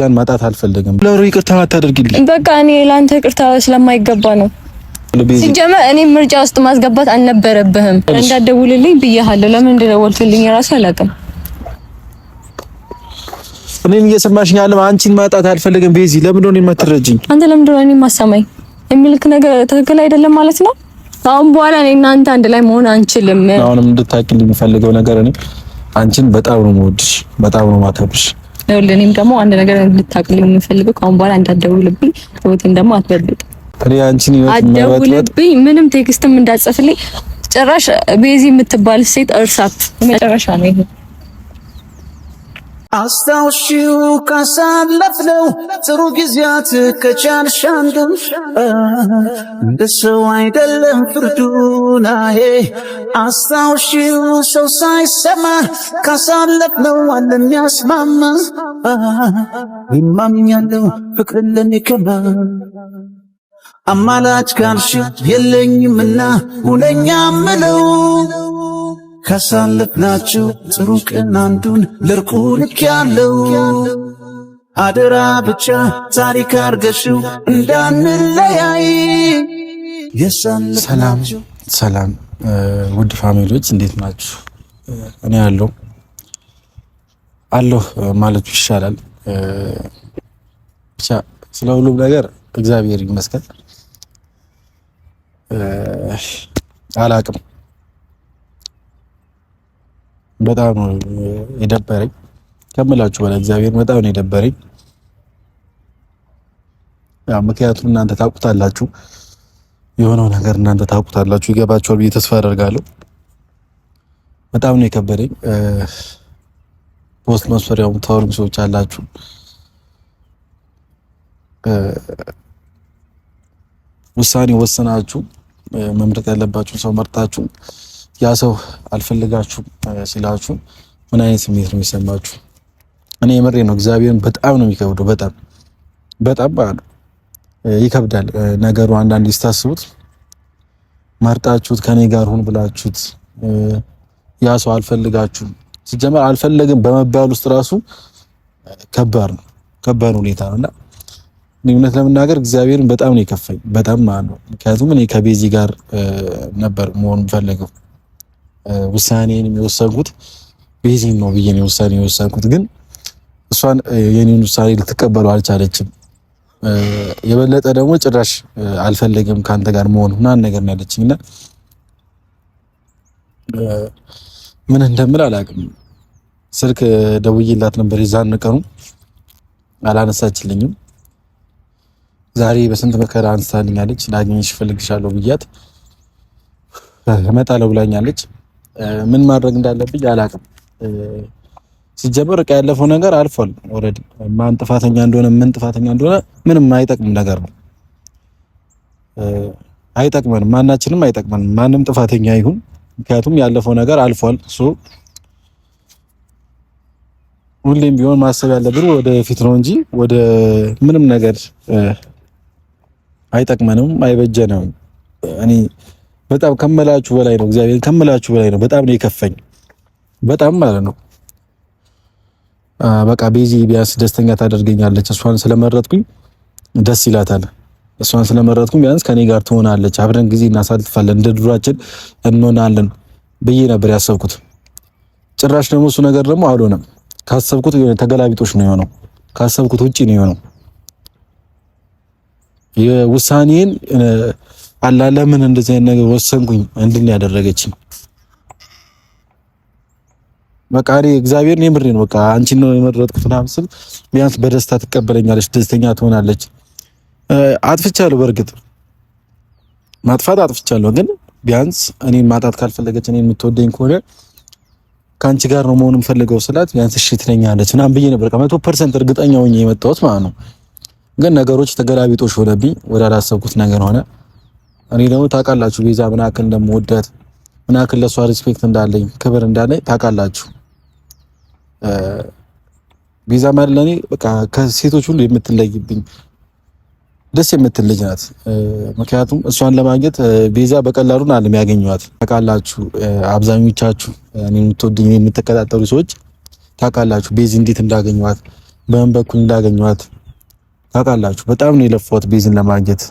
ቤዛን ማጣት አልፈለግም። ለሩ ይቅርታ አታደርግልኝ? በቃ እኔ ለአንተ ይቅርታ ስለማይገባ ነው። ሲጀመር እኔ ምርጫ ውስጥ ማስገባት አልነበረብህም። እንዳደውልልኝ ብያለሁ። ለምን እንደደወልክልኝ ራሱ አላውቅም። እኔን እየሰማሽኝ አለም። አንቺን ማጣት አልፈለግም ቤዚ። ለምን ነው የማትረጅኝ? አንተ ለምን ነው እኔን ማሰማኝ የሚልክ ነገር ትክክል አይደለም ማለት ነው። አሁን በኋላ እኔ እናንተ አንድ ላይ መሆን አንችልም። አሁንም እንድታውቂልኝ የምፈልገው ነገር እኔ አንቺን በጣም ነው የምወድሽ፣ በጣም ነው የማከብርሽ ይኸውልህ እኔም ደግሞ አንድ ነገር እንድታቅልኝ የምፈልገው ከአሁን በኋላ እንዳትደውልብኝ፣ ህይወቴን ደግሞ አትበልጥ። አትበጥብጥ። አንቺን አትደውልብኝ፣ ምንም ቴክስትም እንዳትጽፍልኝ ጭራሽ። ቤዚ የምትባል ሴት እርሳት። መጨረሻ ነው ይሄ። አስታውሺው ካሳለፍነው ጥሩ ጊዜያት ከቻልሽ አንዱን እንደ ሰው አይደለም ፍርዱ ናሄ አስታውሺው ሰው ሳይሰማ ካሳለፍነው አለ የሚያስማማ ይማምኛለው ፍቅር ለሚከማ አማላጭ ካልሽ የለኝምና ሁነኛ ምለው ካሳለፍናችሁ ጥሩ ቀን አንዱን ለርቁ ልክ ያለው አደራ ብቻ ታሪክ አርገሽው እንዳንለያይ። ሰላም ሰላም፣ ውድ ፋሚሊዎች እንዴት ናችሁ? እኔ አለሁ አለሁ ማለት ይሻላል። ብቻ ስለ ሁሉም ነገር እግዚአብሔር ይመስገን። አላቅም በጣም የደበረኝ ከምላችሁ በላይ እግዚአብሔር በጣም ነው የደበረኝ። ያው ምክንያቱም እናንተ ታውቁታላችሁ፣ የሆነው ነገር እናንተ ታውቁታላችሁ፣ ይገባችኋል ብዬ ተስፋ አደርጋለሁ። በጣም ነው የከበደኝ። ፖስት መስፈሪያው የምታወሩም ሰዎች አላችሁ። ውሳኔ ወስናችሁ መምረጥ ያለባችሁ ሰው መርጣችሁ ያ ሰው አልፈልጋችሁም ሲላችሁ ምን አይነት ስሜት ነው የሚሰማችሁ? እኔ የምሬ ነው እግዚአብሔርን በጣም ነው የሚከብደው። በጣም በጣም ይከብዳል ነገሩ። አንዳንዴ ስታስቡት መርጣችሁት ከኔ ጋር ሁን ብላችሁት ያ ሰው አልፈልጋችሁም ሲጀመር አልፈለግም በመባል ውስጥ ራሱ ከባድ ነው፣ ከባድ ሁኔታ ነው እና እውነት ለመናገር እግዚአብሔርን በጣም ነው የከፋኝ፣ በጣም ማለት ነው። ምክንያቱም እኔ ከቤዚ ጋር ነበር መሆን የምፈልገው ውሳኔን የወሰንኩት ቤዚን ነው ብዬ ነው ውሳኔ የወሰንኩት። ግን እሷን የኔን ውሳኔ ልትቀበሉ አልቻለችም። የበለጠ ደግሞ ጭራሽ አልፈለገም ከአንተ ጋር መሆን ምናምን ነገር ነው ያለችኝ እና ምን እንደምል አላውቅም። ስልክ ደውዬላት ነበር የዛን ቀኑ አላነሳችልኝም። ዛሬ በስንት መከራ አንስታልኛለች። ላገኝሽ እፈልግሻለሁ ብያት እመጣለሁ ብላኛለች። ምን ማድረግ እንዳለብኝ አላውቅም። ሲጀመር እቃ ያለፈው ነገር አልፏል። ኦልሬዲ ማን ጥፋተኛ እንደሆነ ምን ጥፋተኛ እንደሆነ ምንም አይጠቅም ነገር ነው። አይጠቅመንም፣ ማናችንም አይጠቅመንም። ማንም ጥፋተኛ ይሁን፣ ምክንያቱም ያለፈው ነገር አልፏል። እሱ ሁሌም ቢሆን ማሰብ ያለብን ወደ ፊት ነው እንጂ ወደ ምንም ነገር አይጠቅመንም፣ አይበጀንም እኔ በጣም ከመላችሁ በላይ ነው። እግዚአብሔር ከመላችሁ በላይ ነው። በጣም ነው የከፈኝ፣ በጣም ማለት ነው። በቃ ቤዚ ቢያንስ ደስተኛ ታደርገኛለች። እሷን ስለመረጥኩኝ ደስ ይላታል። እሷን ስለመረጥኩኝ ቢያንስ ከኔ ጋር ትሆናለች፣ አብረን ጊዜ እናሳልፋለን፣ እንደ ድሯችን እንሆናለን ብዬ ነበር ያሰብኩት። ጭራሽ ደግሞ እሱ ነገር ደግሞ አልሆነም። ካሰብኩት ተገላቢጦሽ ነው የሆነው። ካሰብኩት ውጪ ነው የሆነው። የውሳኔን አላ ለምን እንደዚህ አይነት ነገር ወሰንኩኝ እንድን ያደረገችኝ መቃሪ እግዚአብሔር ነው የምሬን። በቃ አንቺ ነው የመረጥኩት ምናምን ስል ቢያንስ በደስታ ትቀበለኛለች፣ ደስተኛ ትሆናለች። አጥፍቻለሁ፣ በእርግጥ ማጥፋት አጥፍቻለሁ። ግን ቢያንስ እኔን ማጣት ካልፈለገች እኔን የምትወደኝ ከሆነ ከአንቺ ጋር ነው መሆኑን ፈልገው ስላት ቢያንስ እሺ ትለኛለች ምናምን ብዬ ነበር። መቶ ፐርሰንት እርግጠኛ ሆኜ የመጣሁት ማለት ነው። ግን ነገሮች ተገላቢጦሽ ሆነብኝ፣ ወደ አላሰብኩት ነገር ሆነ። እኔ ደግሞ ታውቃላችሁ ቤዛ ምን ያክል እንደምወዳት ምን ያክል ለእሷ ሪስፔክት እንዳለኝ ክብር እንዳለኝ ታውቃላችሁ። ቤዛ ማለት ለእኔ በቃ ከሴቶች ሁሉ የምትለይብኝ ደስ የምትልጅ ናት። ምክንያቱም እሷን ለማግኘት ቤዛ በቀላሉን አለም ያገኘዋት ታውቃላችሁ። አብዛኞቻችሁ እኔ የምትወድኝ የምትከታተሉ ሰዎች ታውቃላችሁ ቤዚ እንዴት እንዳገኘዋት በምን በኩል እንዳገኘዋት ታውቃላችሁ። በጣም ነው የለፋሁት ቤዝን ለማግኘት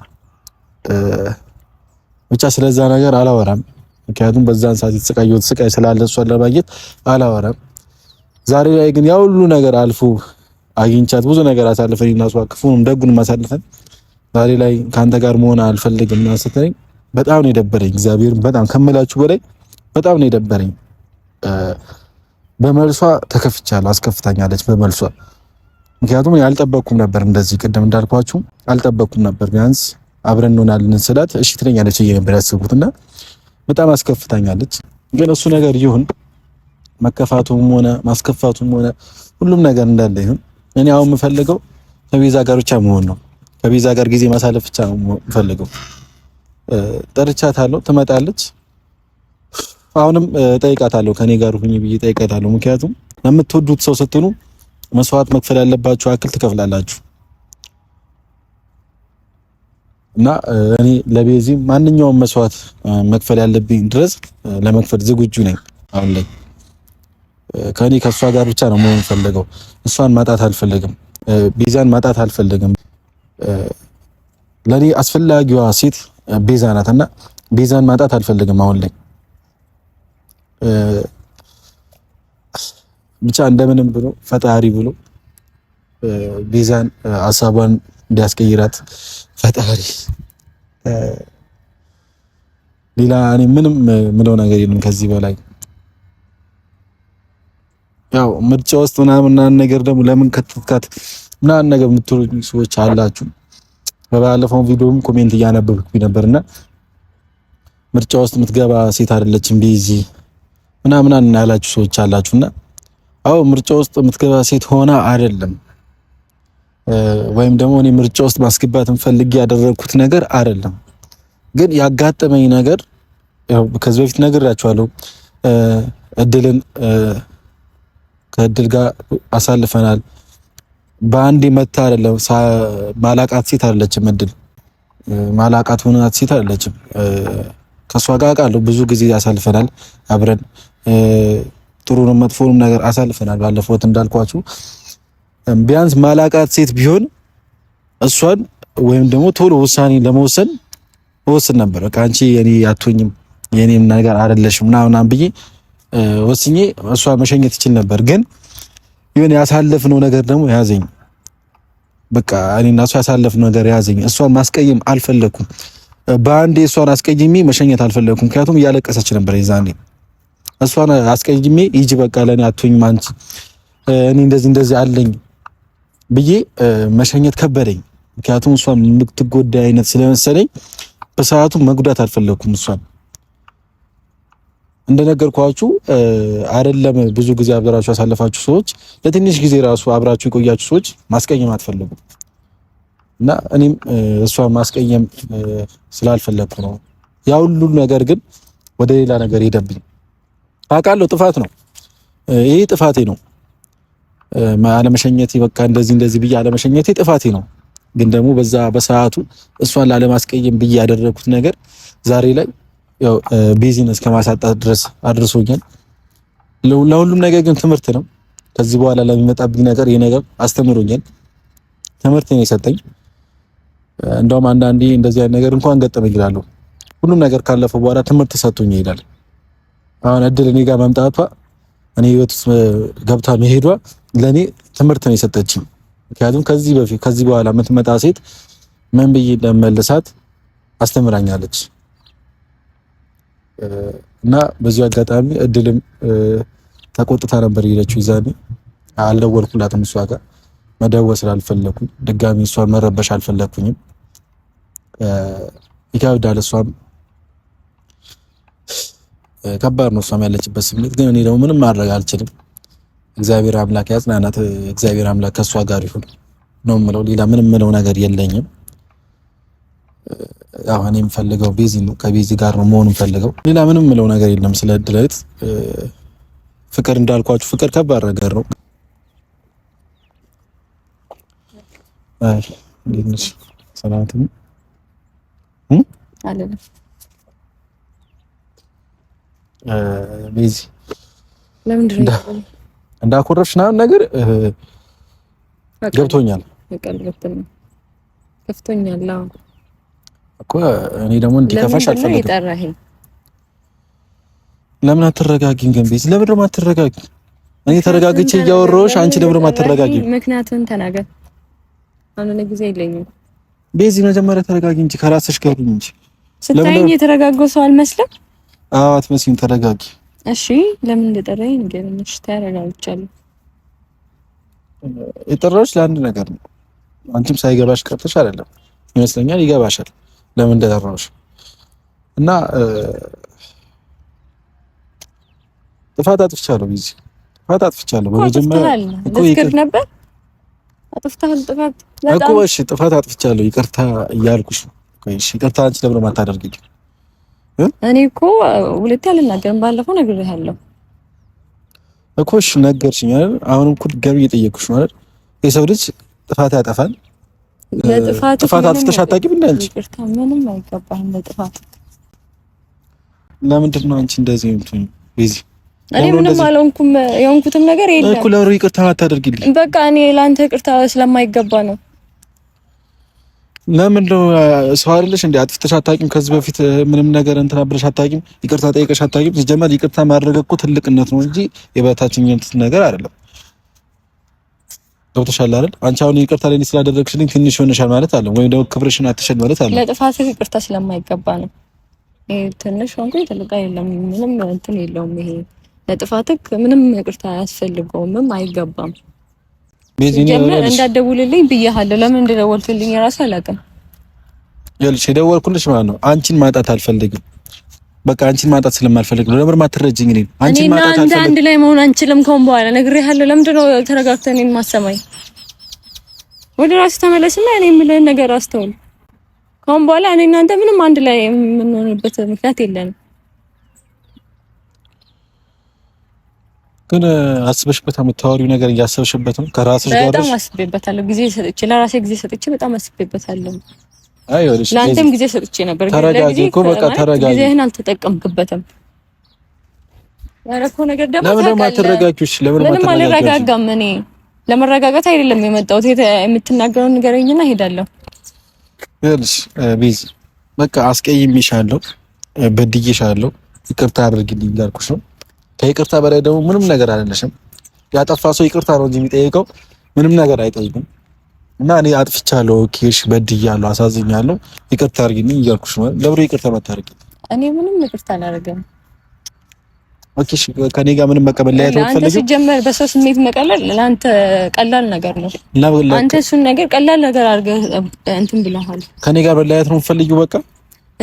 ብቻ ስለዛ ነገር አላወራም። ምክንያቱም በዛን ሰዓት የተሰቃየሁት ስቃይ ስላለ እሷን ለማግኘት አላወራም። ዛሬ ላይ ግን ያ ሁሉ ነገር አልፎ አግኝቻት ብዙ ነገር አሳልፈን እና እሷ ክፉንም ደጉንም አሳልፈን ዛሬ ላይ ከአንተ ጋር መሆን አልፈልግም እና ስትለኝ በጣም ነው የደበረኝ። እግዚአብሔር በጣም ከምላችሁ በላይ በጣም ነው የደበረኝ። በመልሷ ተከፍቻለሁ። አስከፍታኛለች በመልሷ። ምክንያቱም ያልጠበቅኩም ነበር እንደዚህ፣ ቅድም እንዳልኳችሁ አልጠበቅኩም ነበር ቢያንስ አብረን እንሆናለን ስላት እሺ ትለኛለች ብዬ ነበር ያስብኩት በጣም አስከፍታኛለች። ግን እሱ ነገር ይሁን መከፋቱም ሆነ ማስከፋቱም ሆነ ሁሉም ነገር እንዳለ ይሁን፣ እኔ አሁን የምፈልገው ከቤዛ ጋር ብቻ መሆን ነው። ከቤዛ ጋር ጊዜ ማሳለፍ ብቻ ነው የምፈልገው። ጠርቻታለሁ፣ ትመጣለች። አሁንም ጠይቃታለሁ፣ ከኔ ጋር ሁኚ ብዬ ጠይቃታለሁ። ምክንያቱም ለምትወዱት ሰው ስትኑ መስዋዕት መክፈል ያለባችሁ አክል ትከፍላላችሁ። እና እኔ ለቤዚ ማንኛውም መስዋዕት መክፈል ያለብኝ ድረስ ለመክፈል ዝግጁ ነኝ። አሁን ላይ ከእኔ ከእሷ ጋር ብቻ ነው መሆን ፈለገው። እሷን ማጣት አልፈለግም፣ ቤዛን ማጣት አልፈለግም። ለእኔ አስፈላጊዋ ሴት ቤዛ ናት እና ቤዛን ማጣት አልፈልግም። አሁን ላይ ብቻ እንደምንም ብሎ ፈጣሪ ብሎ ቤዛን ሀሳቧን እንዲያስቀይራት ፈጣሪ ሌላ እኔ ምንም ምለው ነገር የለም ከዚህ በላይ ያው ምርጫ ውስጥ ምናምን ምናምን ነገር ደግሞ ለምን ከተትካት ምናምን ነገር የምትሉኝ ሰዎች አላችሁ። በባለፈው ቪዲዮም ኮሜንት እያነበብኩኝ ነበርና ምርጫ ውስጥ የምትገባ ሴት አይደለችም ቢዚ ምናምን ምናምን ያላችሁ ሰዎች አላችሁና አዎ ምርጫ ውስጥ የምትገባ ሴት ሆና አይደለም ወይም ደግሞ እኔ ምርጫ ውስጥ ማስገባትን ፈልጌ ያደረግኩት ነገር አይደለም። ግን ያጋጠመኝ ነገር ከዚህ በፊት ነግራችኋለሁ። እድልን ከእድል ጋር አሳልፈናል። በአንድ መታ አይደለም። ማላቃት ሴት አይደለችም። እድል ማላቃት ሆናት ሴት አይደለችም። ከእሷ ጋር አውቃለሁ ብዙ ጊዜ አሳልፈናል። አብረን ጥሩንም መጥፎንም ነገር አሳልፈናል። ባለፈው እንዳልኳችሁ ቢያንስ ማላቃት ሴት ቢሆን እሷን ወይም ደግሞ ቶሎ ውሳኔ ለመወሰን እወስን ነበር። በቃ አንቺ የኔ አትሆኝም የኔም ነገር አይደለሽም ምናምን ብዬ ወስኜ እሷ መሸኘት ይችል ነበር። ግን ይሁን ያሳለፍነው ነገር ደግሞ ያዘኝ። በቃ እኔና እሷ ያሳለፍነው ነገር ያዘኝ። እሷን ማስቀየም አልፈለኩም። በአንዴ እሷን አስቀይሜ መሸኘት አልፈለኩም። ምክንያቱም እያለቀሰች ነበር የዛኔ። እሷን አስቀይሜ ሂጂ በቃ ለኔ አትሆኝም አንቺ እኔ እንደዚህ እንደዚህ አለኝ ብዬ መሸኘት ከበደኝ። ምክንያቱም እሷ የምትጎዳ አይነት ስለመሰለኝ በሰዓቱ መጉዳት አልፈለግኩም። እሷን እንደነገርኳችሁ አይደለም ብዙ ጊዜ አብራችሁ ያሳለፋችሁ ሰዎች ለትንሽ ጊዜ ራሱ አብራችሁ የቆያችሁ ሰዎች ማስቀየም አትፈልጉም እና እኔም እሷን ማስቀየም ስላልፈለግኩ ነው። ያ ሁሉ ነገር ግን ወደ ሌላ ነገር ሄደብኝ። አውቃለሁ፣ ጥፋት ነው። ይሄ ጥፋቴ ነው። አለመሸኘቴ በቃ እንደዚህ እንደዚህ ብዬ አለመሸኘቴ ጥፋቴ ነው። ግን ደግሞ በዛ በሰዓቱ እሷን ላለማስቀየም ብዬ ያደረኩት ነገር ዛሬ ላይ ያው ቢዝነስ እስከ ድረስ አድርሶኛል። ለሁሉም ነገር ግን ትምህርት ነው። ከዚህ በኋላ ለሚመጣብኝ ነገር ይህ ነገር አስተምሮኛል፣ ትምህርት ነው የሰጠኝ። እንደውም አንዳንዴ እንደዚህ አይነት ነገር እንኳን ገጠመኝ እላለሁ። ሁሉም ነገር ካለፈ በኋላ ትምህርት ሰጥቶኝ ይሄዳል። አሁን እድል እኔ ጋር መምጣቷ እኔ ህይወት ውስጥ ገብታ መሄዷ ለእኔ ትምህርት ነው የሰጠችኝ። ምክንያቱም ከዚህ በፊት ከዚህ በኋላ የምትመጣ ሴት ምን ብዬ እንደመለሳት አስተምራኛለች እና በዚሁ አጋጣሚ እድልም ተቆጥታ ነበር የሄደችው። ይዛኔ አልደወልኩላትም። እሷ ጋር መደወል ስላልፈለኩኝ ድጋሚ እሷን መረበሽ አልፈለኩኝም። ይከብዳል እሷም ከባድ ነው እሷም ያለችበት ስሜት። ግን እኔ ደግሞ ምንም ማድረግ አልችልም። እግዚአብሔር አምላክ ያጽናናት። እግዚአብሔር አምላክ ከእሷ ጋር ይሁን ነው የምለው። ሌላ ምንም ምለው ነገር የለኝም። ያው እኔ የምፈልገው ቤዚ ነው። ከቤዚ ጋር ነው መሆን የምፈልገው። ሌላ ምንም ምለው ነገር የለም። ስለ ድለት ፍቅር እንዳልኳችሁ ፍቅር ከባድ ነገር ነው። አይ ሰላም ሜዚ እንዳኮረፍሽ ምናምን ነገር ገብቶኛል ገብቶኛል እኮ እኔ ደግሞ እንዲከፋሽ አልፈልግም። ለምን አትረጋጊም? ግን ቤዛ ለምን ደግሞ አትረጋጊም? እኔ ተረጋግቼ እያወራሁሽ አንቺ ለምን ደግሞ አትረጋጊም? ምክንያቱን ተናገር። አሁን ጊዜ የለኝም ቤዚ መጀመሪያ ተረጋጊ እንጂ ከራስሽ ጋር እንጂ ስታይኝ የተረጋጋው ሰው አልመስለም መስኪን ተረጋጊ። እሺ ለምን እንደጠራኝ ንገረኝ። እሺ ተረጋግቻለሁ። የጠራሁሽ ለአንድ ነገር ነው። አንቺም ሳይገባሽ ቀርተሽ አይደለም ይመስለኛል። ይገባሻል ለምን እንደጠራሁሽ እና ጥፋት አጥፍቻለሁ። ቢዚ ጥፋት አጥፍቻለሁ። በመጀመሪያ እኮ ይቅር ነበር አጥፍታል። ጥፋት እኮ እሺ፣ ጥፋት አጥፍቻለሁ ይቅርታ እያልኩሽ። እሺ ይቅርታ አንቺ ለምን ማታደርጊው እኔ እኮ ሁለቴ አልናገርም። ባለፈው ነግሬሃለሁ እኮ እሺ፣ ነገርሽኝ አይደል? አሁንም እኮ ድጋሚ እየጠየቅኩሽ ነው አይደል? የሰው ልጅ ጥፋት ያጠፋል። ጥፋት አጥፍተሽ አታውቂም እንዴ አንቺ? ምንም አይገባህም ለጥፋት። ለምንድን ነው አንቺ እንደዚህ የምትሆኝ እኔ ምንም አልሆንኩም። የሆንኩትም ነገር የለም እኮ ለሩ ይቅርታ አታደርጊልኝ። በቃ እኔ ለአንተ ይቅርታ ስለማይገባ ነው ለምን ነው ሰው አይደለሽ እንዴ? አጥፍተሽ አታውቂም። ከዚህ በፊት ምንም ነገር እንትና ብለሽ አታውቂም። ይቅርታ ጠይቀሽ አታውቂም። ሲጀመር ይቅርታ ማድረግ እኮ ትልቅነት ነው እንጂ የበታችኝነት ነገር አይደለም። ገብቶሻል አይደል? አንቺ አሁን ይቅርታ ለኔ ስላደረግሽልኝ ትንሽ ሆነሻል ማለት አለ ወይም ደግሞ ክብርሽን አትሸል ማለት አለ። ለጥፋት ይቅርታ ስለማይገባ ነው። ትንሽ ሆንኩ ትልቅ አይደለም። ምንም እንትን የለውም ይሄ ለጥፋትክ ምንም ይቅርታ አያስፈልገውምም አይገባም። ጀምር እንዳትደውልልኝ ብዬሃለሁ። ለምን እንደደወልክልኝ የራሱ አላውቅም። ይኸውልሽ የደወልኩልሽ ማለት ነው አንቺን ማጣት አልፈልግም። በቃ አንቺን ማጣት ስለማልፈልግ ነው። ለምን ማትረጅኝ? እኔ አንቺን ማጣት አንተ አንድ ላይ መሆን አንችልም። ከሆን በኋላ ነግሬሃለሁ። ለምንድን ነው ተረጋግተህ እኔን ማሰማኝ? ወደ ራሱ ተመለስና እኔ የምልህን ነገር አስተውል። ከሆን በኋላ እኔ እናንተ ምንም አንድ ላይ የምንሆንበት ምክንያት የለንም። ግን አስበሽበት የምታወሪው ነገር እያሰብሽበት ነው። ከራስሽ ጋር በጣም አስቤበታለሁ። ጊዜ ሰጥቼ ለራሴ ጊዜ ሰጥቼ በጣም አስቤበታለሁ። አይ ወልሽ ለአንተም ጊዜ ሰጥቼ ነበር። ተረጋጊ እኮ በቃ ተረጋጊ። ጊዜህን አልተጠቀምክበትም። ያደረኩት ነገር ደግሞ ለምን አትረጋጊሽ? ለምን አልረጋጋም? እኔ ለመረጋጋት አይደለም የመጣሁት። የምትናገረውን ንገረኝና እሄዳለሁ። ይኸውልሽ ቢዝ በቃ አስቀይሜሻለሁ፣ በድዬሻለሁ፣ ይቅርታ አድርግልኝ እንዳልኩሽ ነው ከይቅርታ በላይ ደግሞ ምንም ነገር አይደለሽም። ያጠፋ ሰው ይቅርታ ነው እንጂ የሚጠይቀው ምንም ነገር አይጠይቅም። እና እኔ አጥፍቻለሁ፣ ኬሽ በድያለሁ፣ አሳዝኛለሁ፣ ይቅርታ አድርጊልኝ እያልኩሽ ነው። ለብሮ ይቅርታ መታረቂ እኔ ምንም ይቅርታ አላደርግም። ኦኬ ከኔ ጋር ምንም መቀበል ላይ አይተው አንተ ሲጀመር በሰው ስሜት መቀለል ለአንተ ቀላል ነገር ነው። አንተ እሱን ነገር ቀላል ነገር አድርገህ እንትን ብለሃል። ከኔ ጋር በላይ ነው የምፈልጊው በቃ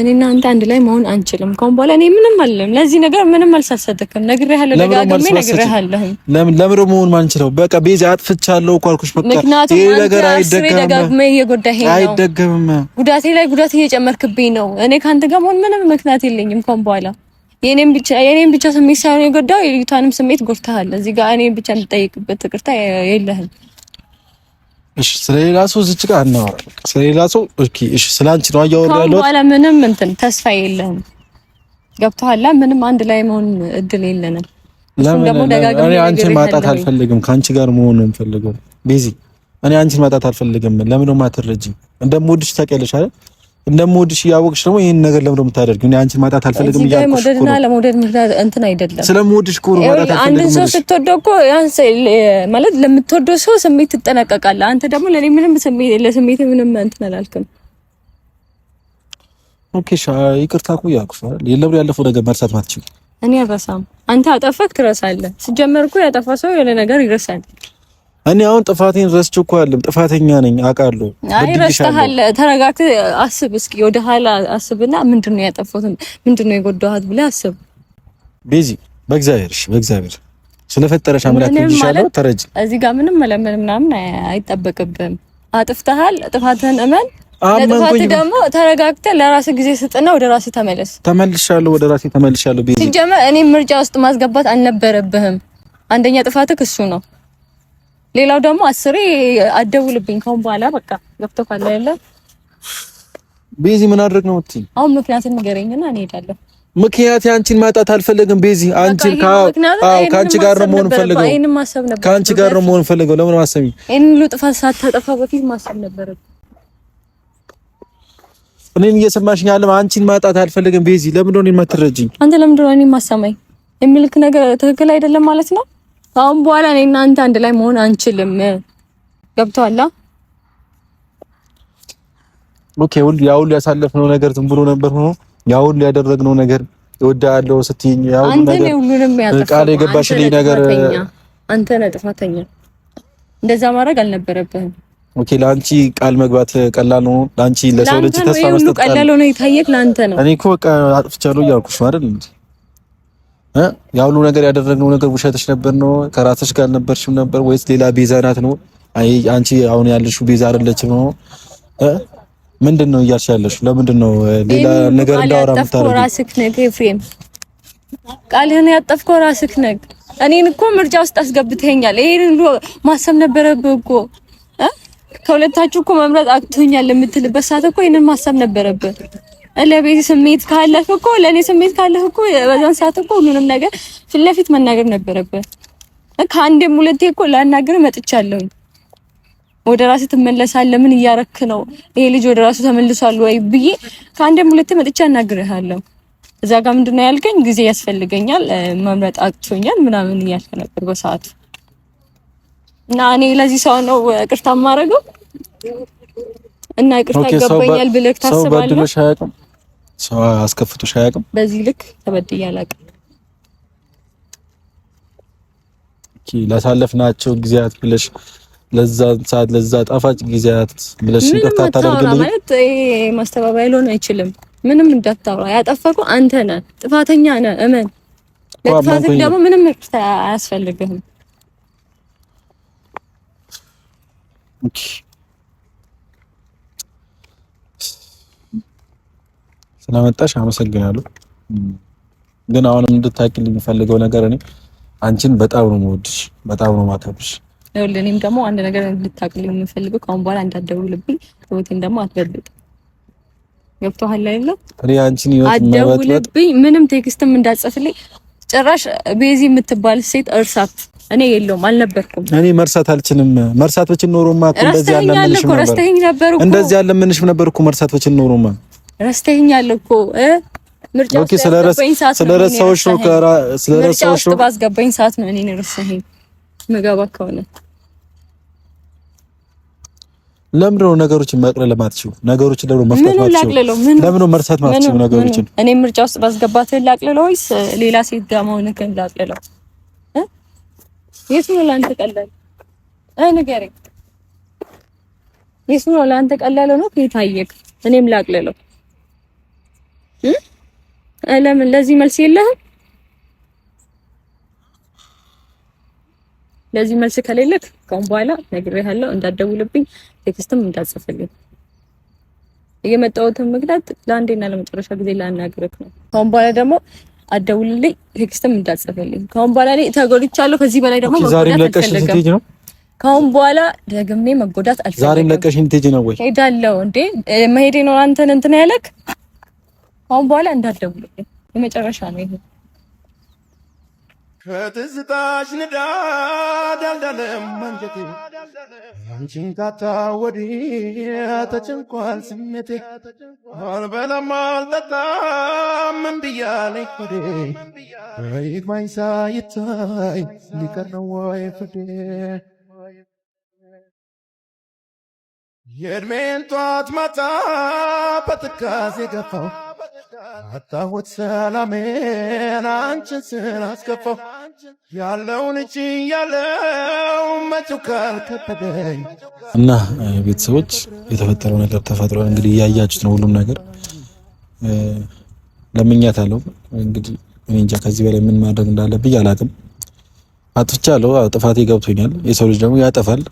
እኔና አንተ አንድ ላይ መሆን አንችልም። ከአሁን በኋላ እኔ ምንም አልልም፣ ለዚህ ነገር ምንም አልሳሰተክም። ነግሬሃለሁ፣ ደጋግሜ ነግሬሃለሁ። ለምን ለምን መሆን ማንችለው? በቃ ቤዛ አጥፍቻለሁ እኮ አልኩሽ። በቃ ምክንያቱም ይሄ ነገር አይደገምም፣ ደጋግሜ አይደገምም። ጉዳቴ ላይ ጉዳት እየጨመርክብኝ ነው። እኔ ከአንተ ጋር መሆን ምንም ምክንያት የለኝም ከአሁን በኋላ። የኔም ብቻ የኔም ብቻ ስሜት ሳይሆን የጎዳው የልጅቷንም ስሜት ጎድተሃል። እዚህ ጋር እኔን ብቻ እንድጠይቅበት ይቅርታ የለህም። እሺ ስለሌላ ሰው እዚች ጋር አናወራ። ስለሌላ ሰው ኦኬ፣ እሺ ስላንቺ ነው እያወራ ያለው። በኋላ ምንም እንትን ተስፋ የለም። ገብቶሃል? ምንም አንድ ላይ መሆን እድል የለንም። ለምን እኔ አንቺን ማጣት አልፈልግም። ከአንቺ ጋር መሆን ነው የምፈልገው ቤዛ። እኔ አንቺን ማጣት አልፈልግም። ለምን ነው የማትረጂኝ? እንደምወድሽ ታውቂያለሽ አይደል? እንደምወድሽ እያወቅሽ ደግሞ ይሄን ነገር ለምን እንደምታደርጊው? እኔ አንቺን ማጣት አልፈልግም እያልኩሽ እኮ ነው። ለመውደድ ምክንያት እንትን አይደለም፣ ስለምወድሽ እኮ ነው። ማጣት አልፈልግም። አንድን ሰው ስትወደው እኮ ማለት ለምትወደው ሰው ስሜት ትጠነቀቃለህ። አንተ ደግሞ ለኔ ምንም ስሜት ለስሜት ምንም እንትን አላልክም። ኦኬ ሻ ይቅርታ እኮ እያልኩሽ አይደል? የለም ያለፈው ነገር መርሳት ማትችል እኔ አልረሳም። አንተ አጠፋህ ትረሳለህ። ሲጀመር እኮ ያጠፋ ሰው የሆነ ነገር ይረሳል። እኔ አሁን ጥፋቴን ረስቼ እኮ አይደለም፣ ጥፋተኛ ነኝ አውቃለሁ። አይ ረስተሃል። ተረጋግተህ አስብ እስኪ፣ ወደ ኋላ አስብና ምንድነው ያጠፋሁት፣ ምንድነው የጎዳኋት ብለህ አስብ። ቤዚ፣ በእግዚአብሔር እሺ፣ በእግዚአብሔር ስለፈጠረሽ አምላክ ይሻለው። ተረጅ እዚህ ጋር ምንም መለመን ምናምን አይጠበቅብም። አጥፍተሃል፣ ጥፋትህን እመን። ለጥፋት ደግሞ ተረጋግተህ ለራስህ ጊዜ ስጥና ወደ ራስህ ተመለስ። ተመልሻለሁ፣ ወደ ራሴ ተመልሻለሁ። ቤዚ፣ ሲጀመር እኔ ምርጫ ውስጥ ማስገባት አልነበረብህም። አንደኛ ጥፋትህ እሱ ነው። ሌላው ደግሞ አስሬ አደውልብኝ ከሁን በኋላ በቃ ገብቶ ካለ ያለ ቤዚ ምን አድርግ ነው እምትይኝ? አሁን ምክንያቱን ንገረኝና እንሄዳለን። ምክንያት አንቺን ማጣት አልፈለግም ቤዚ። አንቺን ከአንቺ ጋር ነው መሆን ፈልገው። ከአንቺ ጋር ነው መሆን ፈልገው። ለምን ማሰብ ይሄን ሁሉ ጥፋት ሳታጠፋ በፊት ማሰብ ነበር። እኔን እየሰማሽኝ አለም። አንቺን ማጣት አልፈልግም ቤዚ። ለምን እንደሆነ የማትረጅኝ አንተ ለምን እንደሆነ እኔን ማሰማኝ የሚልክ ነገር ትክክል አይደለም ማለት ነው አሁን በኋላ እኔ እናንተ አንድ ላይ መሆን አንችልም። ገብቷላ ኦኬ። ሁሉ ያ ሁሉ ያሳለፍነው ነገር ዝም ብሎ ነበር ሆኖ ያ ሁሉ ያደረግነው ነገር እወድሃለሁ ስትይኝ ያ ሁሉ ነገር አንተ ቃል የገባሽልኝ ነገር አንተ ነህ ጥፋተኛ። እንደዛ ማድረግ አልነበረብህም። ኦኬ። ለአንቺ ቃል መግባት ቀላል ነው። ለአንቺ ለሰው ልጅ ተስፋ መስጠት ቀላል ነው። ይታየክ ለአንተ ነው። እኔ እኮ በቃ አጥፍቻለሁ እያልኩሽ ማለት እንዴ ያሁሉ ነገር ያደረግነው ነገር ውሸትሽ ነበር ነው? ከራስሽ ጋር አልነበርሽም ነበር ወይስ ሌላ ቤዛ ናት ነው? አይ አንቺ አሁን ያለሽው ቤዛ አይደለችም ነው? ምንድን ነው እያልሽ ያለሽው? ለምንድን ነው ሌላ ነገር እንዳወራ የምታደርጊው? ራስህ ነህ ኤፍሬም፣ ቃልህን ያጠፍከው ራስክ ነህ። እኔን እኮ ምርጫ ውስጥ አስገብተኛል። ይሄን ሁሉ ማሰብ ነበረብህ እኮ ከሁለታችሁ እኮ መምረጥ አቅቶኛል የምትልበት ሰዓት እኮ ይሄንን ማሰብ ነበረብህ። ለቤት ስሜት ካለህ እኮ ለእኔ ስሜት ካለህ እኮ በዛን ሰዓት እኮ ምንም ነገር ፊት ለፊት መናገር ነበረበት። ከአንዴም ሁለቴ እኮ ላናገር መጥቻለሁ። ወደ ራሴ ትመለሳለህ፣ ምን እያረክ ነው? ይሄ ልጅ ወደ ራሱ ተመልሷል ወይ ብዬ ከአንዴም ሁለቴ መጥቻ እናግርሃለሁ። እዛ ጋር ምንድነው ያልከኝ? ጊዜ ያስፈልገኛል፣ መምረጥ አቅቶኛል ምናምን እያልክ ነበር በሰዓቱ እና እኔ ለዚህ ሰው ነው ይቅርታ የማደርገው እና ይቅርታ ይገባኛል ብለህ ታስባለህ? ሰው አስከፍቶሽ አያውቅም? በዚህ ልክ ተበድዬ አላውቅም። ኦኬ ላሳለፍናቸው ጊዜያት ብለሽ ለዛ ሰዓት ለዛ ጣፋጭ ጊዜያት ብለሽ ይቅርታ ታደርግልኝ ማለት ይሄ ማስተባበያ ሊሆን አይችልም። ምንም እንዳታውራ ያጠፋኩ አንተ ነህ፣ ጥፋተኛ ነህ። እመን ለጥፋትህ ደግሞ ምንም ይቅርታ አያስፈልግህም። ስለመጣሽ አመሰግናለሁ። ግን አሁንም እንድታቂልኝ የሚፈልገው ነገር እኔ አንቺን በጣም ነው የምወድሽ፣ በጣም ነው የማከብርሽ። እኔም ደግሞ አንድ ነገር እንድታቅልኝ የምፈልገው ከአሁን በኋላ እንዳትደውልብኝ፣ ህይወቴን ደግሞ አትበጥብጥ። ገብቶሃል አይደለ? እኔ አንቺን ህይወት አትደውልብኝ፣ ምንም ቴክስትም እንዳትጽፍልኝ ጭራሽ ቤዚ የምትባል ሴት እርሳት። እኔ የለውም አልነበርኩም። እኔ መርሳት አልችልም። መርሳቶችን ብችል ኖሮማ እንደዚህ ያለ ምንሽም ነበርኩ። እንደዚህ ያለ ምንሽም ነበርኩ። መርሳቶችን ኖሮማ ረስተኸኛል እኮ ምርጫ ስለረሳሁሽ ነው። ባስገባኝ ሰዓት ነው እኔን ረሳኸኝ። ከሆነ ለምን ነው ነገሮችን ማትችው? ነገሮችን ለምን መፍታት ማትችው? ለምን ነው መርሳት ማትችው ነገሮችን? እኔ ምርጫ ውስጥ ባስገባትህን ላቅልለው ወይስ ሌላ ሴት ጋር መሆንህን ላቅልለው? የቱ ነው ለአንተ ቀላል? አይ ንገረኝ። የቱ ነው ለአንተ ቀላል ነው? ከየት አየህ? እኔም ላቅልለው ለምን ለዚህ መልስ የለህም? ለዚህ መልስ ከሌለክ ከአሁን በኋላ ነግሬሃለሁ፣ እንዳትደውልብኝ ቴክስትም እንዳትጽፍልኝ። የመጣሁትን ምክንያት ለአንዴና ለመጨረሻ ጊዜ ላናግርህ ነው። ከአሁን በኋላ ደግሞ አትደውልልኝ፣ ቴክስትም እንዳትጽፍልኝ። ከአሁን በኋላ እኔ ተጎድቻለሁ። ከዚህ በላይ ደግሞ ዛሬም ለቀሽ ስትሄጂ ነው። ከአሁን በኋላ ደግሜ መጎዳት አልፈልግም። ዛሬም ለቀሽ ስትሄጂ ነው ወይ? ሄዳለሁ እንዴ መሄዴ ነው አንተን እንትን ያለክ አሁን በኋላ እንዳትደውልብኝ። የመጨረሻ ነው ይሄ። ከትዝታሽ ንዳድ አልዳለም አንጀቴ፣ አንቺን ካጣ ወዲህ ተጨንቋል ስሜቴ። አልበላም አልጠጣም እምብያለኝ ሆዴ፣ ይግባኝ ሳይታይ ሊቀር ነው ወይ ፍዴ? የእድሜን ጧት ማታ በትካዜ ገፋው አጣሁት ሰላሜን አንቺን ስላስከፋው ያለውን እጅ ያለው መጪው ከበደኝ እና ቤተሰቦች የተፈጠረው ነገር ተፈጥሯል። እንግዲህ እያያችሁት ነው ሁሉም ነገር ለምኛት አለው እንግዲህ እኔ እንጃ ከዚህ በላይ ምን ማድረግ እንዳለብኝ አላቅም። አጥፍቻለሁ፣ ጥፋቴ ገብቶኛል። የሰው ልጅ ደግሞ ያጠፋል።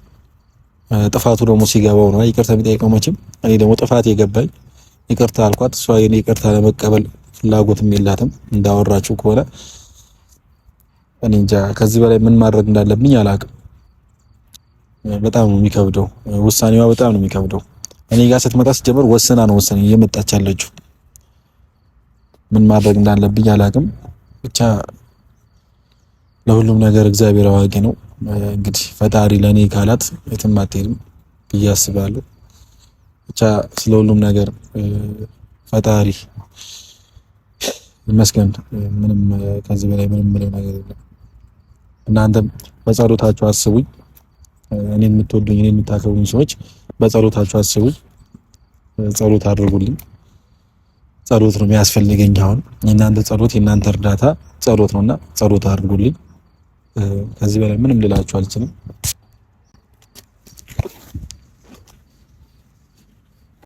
ጥፋቱ ደግሞ ሲገባው ነው ይቅርታ የሚጠይቀው መቼም። እኔ ደግሞ ጥፋቴ ገባኝ። ይቅርታ አልኳት። እሷ የኔ ይቅርታ ለመቀበል ፍላጎትም የላትም እንዳወራችው ከሆነ እኔ እንጃ። ከዚህ በላይ ምን ማድረግ እንዳለብኝ አላቅም። በጣም ነው የሚከብደው፣ ውሳኔዋ በጣም ነው የሚከብደው። እኔ ጋር ስትመጣ ሲጀምር ወስና ነው ወሰን እየመጣች ያለችው። ምን ማድረግ እንዳለብኝ አላቅም። ብቻ ለሁሉም ነገር እግዚአብሔር አዋቂ ነው። እንግዲህ ፈጣሪ ለእኔ ካላት የትም አትሄድም ብዬ አስባለሁ። ብቻ ስለ ሁሉም ነገር ፈጣሪ ይመስገን። ምንም ከዚህ በላይ ምንም ምለው ነገር የለም። እናንተም በጸሎታችሁ አስቡኝ። እኔ የምትወዱኝ እኔ የምታከቡኝ ሰዎች በጸሎታችሁ አስቡኝ። ጸሎት አድርጉልኝ። ጸሎት ነው የሚያስፈልገኝ። አሁን የእናንተ ጸሎት የእናንተ እርዳታ ጸሎት ነውና ጸሎት አድርጉልኝ። ከዚህ በላይ ምንም ልላችሁ አልችልም።